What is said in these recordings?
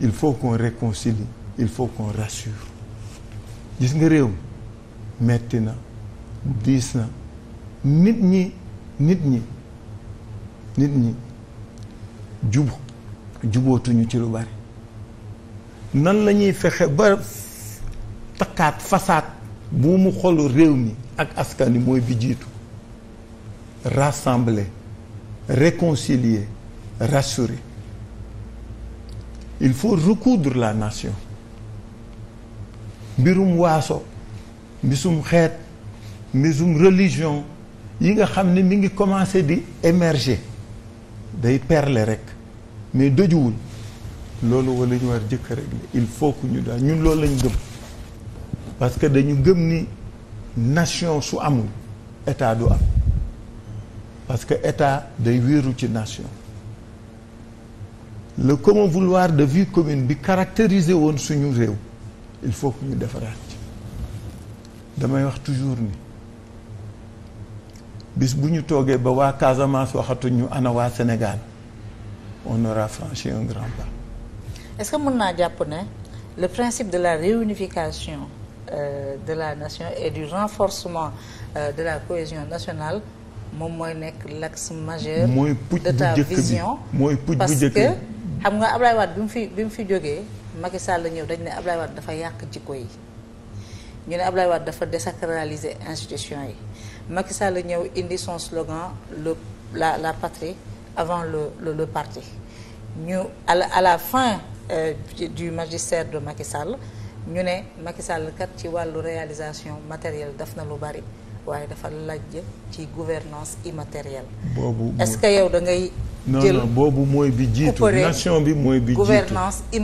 il faut qu'on réconcilie il faut qu'on rassure gis nga réew mi metti na diis na nit ñi nit ñi nit ñi jub jubootuñu ci lu bari nan la ñuy fexe ba takkaat fasaat bu mu xolu réew mi ak askan wi mooy bi jiitu rassembler réconcilier rassurer il faut recoudre la nation mbirum waaso mbisum xeet mbisum religion yi nga xam ni mi ngi commencé di émerger day perle rek mais dojuwul loolu wala ñu war jëkk rek il faut que ñu daal ñun loolu lañu gëm parce que dañu gëm ni nation su amul état du am parce que état day wéeru ci nation le commun vouloir de vie commune bi caractériser woon suñu réew il faut que ñu defaraat ci damay wax toujours ni bis bu ñu toogee ba waa Casamance waxatuñu ana Sénégal on aura franchi un grand pas. est-ce naa jàpp ne le principe de la réunification euh, de la nation et du renforcement euh, de la cohésion nationale moom mooy nekk l'axe majeur. mooy puj bu njëkk bi mooy puj bu njëkk bi. xam nga Ablaye waat bi mu fi bi mu fi jógee Macky Sall ñëw dañ ne Ablaye Wade dafa yàq jikko yi ñu ne Ablaye Wade dafa désacraliser institution yi Macky Sall ñëw indi son slogan le la la patrie avant le le, le parti ñu à la à la fin euh, du magistère de Macky ñu ne Macky Sall ci wàllu réalisation matérielle daf na lu bari waaye dafa lajj ci gouvernance immatérielle. est yow da jël non boobu mooy bi jiitu nation bi mooy bi jiitu gouvernance bi.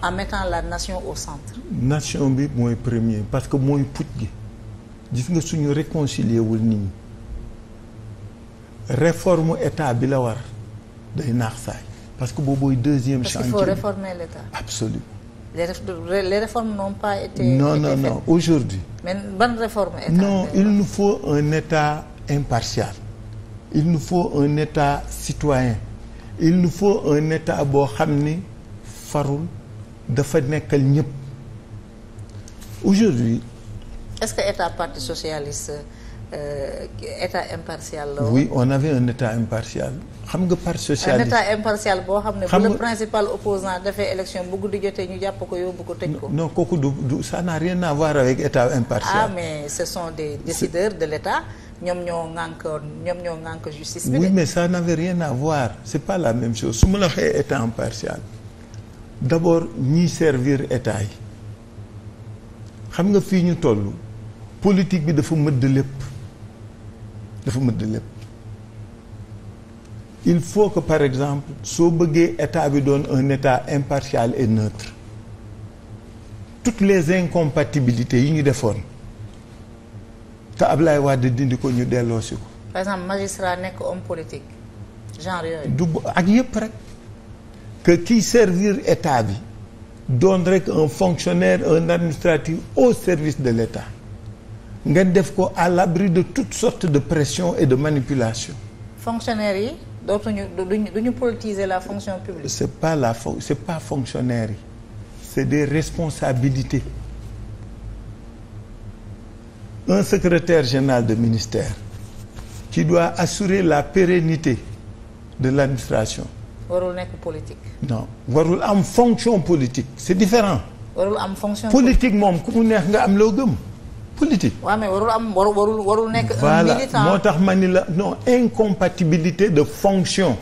en mettant la nation au centre. nation bi mooy premier parce que mooy pucc gi gis nga suñu réconcilier wul nit ñi réforme état bi la war day naax saay parce que boobu deuxième. chantier parce qu'il faut réformer l'état. absolument. les réformes n'ont pas été. non été non aujourd'hui mais ban réforme un état impartial. il nous faut un état citoyen il nous faut un état boo xam ni farul dafa nekkal ñëpp aujourd'hui est-ce que état parti socialiste euh, état impartial la oui on avait un état impartial xam nga parti socialiste un état impartial boo xam ne bu le principal opposant dafay élection bu guddi jotee ñu jàpp ko yóbbu ko tëj ko non kooku du du ça n'a avec état impartial ah mais ce sont des décideurs de l'état ñoom ñoo ŋànk ñoom ñoo ŋànk justice bi oui mais ça n'avait rien à voir c'est pas la même chose su ma la waxee état en partial d'abord ñiy servir état yi xam nga fii ñu toll politique bi dafa mëdd lépp dafa mëdd lépp il faut que par exemple soo bëggee état bi doon un état impartial et neutre toutes les incompatibilités yi ñu defoon te waa Wade dindi ko ñu delloosi ko. par exemple magistrat nekk homme politique genre yooyu. du ak yëpp rek que kiy servir état bi doon rek un fonctionnaire un administratif au service de l'état nga def ko à l'abri de toutes sorte de pression et de manipulation. fonctionnaire yi dootuñu duñu duñu politiser la fonction publique. c'est pas la fon c'est pas fonctionnaire yi c'est des responsabilité un secrétaire général de ministère qui doit assurer la pérennité de l'administration warul nekk politique. non warul am fonction politique c'est différent. warul am fonction politique moom ku mu neex nga am loo gëm politique. waa mais warul am warul warul nekk. un moo tax man ni la non incompatibilité de fonction.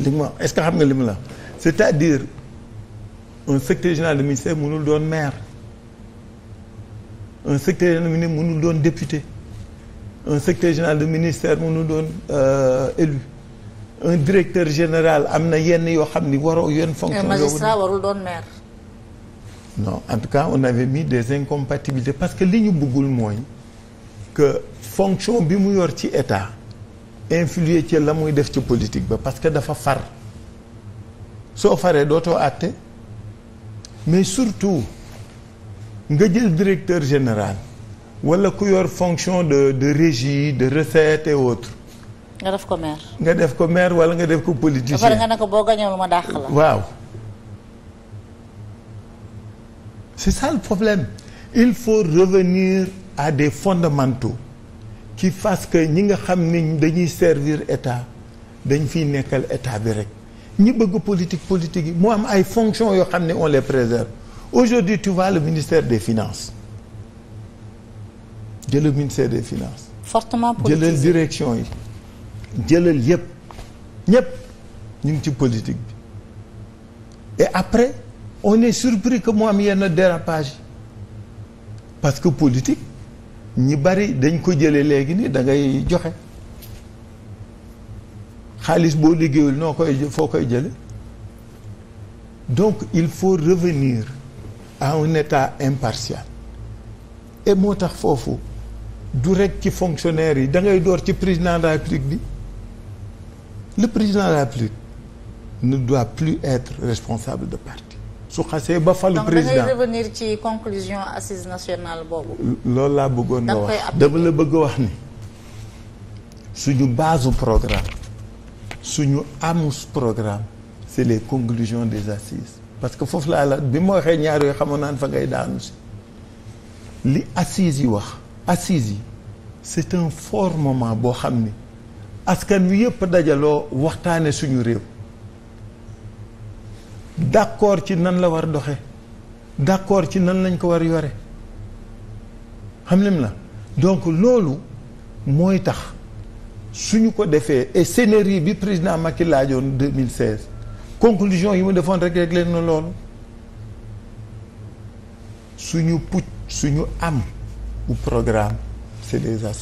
li ma est-ce que xam nga li mu la c'est-à-dire un secrétaire général de ministère mënul doon maire. un secrétaire général de ministre doon député un secrétaire de ministère mënul doon euh, élu un directeur général am na yenn yoo xam ni waroo yenn fonction un magistrat warul doon maire. non en tout cas on avait mis des incompatibilités parce que li ñu bëggul mooy que fonction bi mu yor ci état influer ci la muy def ci politique ba parce que dafa far soo faree dootoo àtte mais surtout nga jël directeur général wala ku yor fonction de de régie de recette et autres. nga def ko maire. nga def ko maire wala nga def ko politicien. ba pare nga ne ko boo gañool ma dàq la. waaw c'est ça le problème il faut revenir à des fondamentaux qui fassent que ñi nga xam ni dañuy servir état dañ fiy nekkal état bi rek ñi bëgg politique politique yi mu am ay fonctions yoo xam ne on les préserve. aujourd'hui tu vois ministère des finance jëlal ministère des finances. fortement politisé jëlal direction yi jëlal yëpp ñëpp ñu ngi ci politique bi et après on est surpris que mu am yenn dérapage parce que politique ñi bari dañ ko jëlee léegi ni da ngay joxe xaalis boo liggéeyul noo koy foo koy jële donc il faut revenir en un état impartial et moo tax foofu du rekk ci fonctionnaire yi da ngay door ci président de la République bi le président de la République ne doit plus être responsable de parti su xasee ba falu président donc da ngay ci conclusion assise nationale boobu. loolu laa bëggoon nga wax dama la bëgg wax ni suñu base programme suñu amus programme c'est les conclusions des assises. parce que foofu laa la bi ma waxee ñaar yooyu xamoon naan fa ngay daanu si li assises yi wax assises yi c'est un fort moment boo xam ni askan wi yëpp dajaloo waxtaane suñu réew d'accord ci nan la war doxe d'accord ci nan lañ ko war yore xam lim la donc loolu mooy tax suñu ko defee et scénario bi président Macky laajoon 2016 conclusion yi mu defoon rek rek leen na loolu suñu pucc suñu am ou programme c'est des